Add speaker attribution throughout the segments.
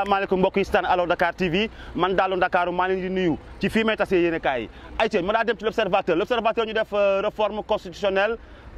Speaker 1: asalaamaaleykum mbokk yi staan alors Dakar TV man Daalu Ndakaaru maa leen di fii may tasee yéen a kaay ma daa dem ci l' observateur l' def euh, réforme constitutionnelle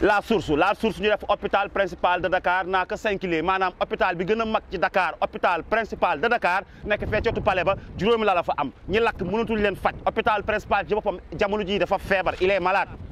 Speaker 1: la source la source ñu def l'hôpital principal de Dakar n'a 5 cinq Manam hôpital bi Dakar hôpital principal de Dakar nek fétiotu palais ba la la fa am ñi lak mënatul hôpital principal ci bopam jamono ji dafa il est malade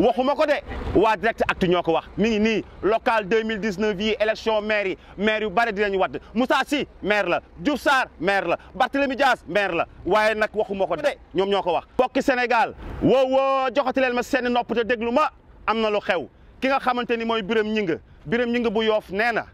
Speaker 1: waxuma ko de waa direct actu ñoko wax mi ngi ni local 2019 yi élection maire yi maire yu bari di lañu wadd Moussa si maire la Diouf sar maire la Barthélémy Dias maire la waaye nak waxuma ko de ñoom ñoo wax bokki Sénégal wo wo joxati leen ma sen nopp te déglu amna lu xew ki nga xamanteni moy mooy Birame Gningue Birame bu yof nee na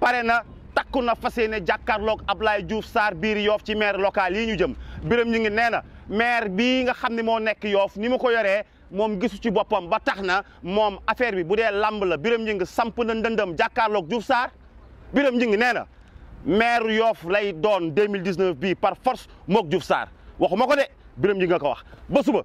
Speaker 1: pare na takku na fas yéene jàkkaarloog Ablaye Diouf Sarr biir yoof ci maire local yi ñu jëm Birame Gningue nee maire bi nga xamni mo nek yof ni mu ko yoree moom gisu ci boppam ba tax na moom affaire bi bu dee lamb la Birame Ngingue samp na ndëndëm jàkkaarloog Diouf Sarr Birame Ngingue nee na maire Yoff lay doon 2019 bii par force mook Diouf Sarr waxuma ko de Birame Ngingue nga ko wax ba suba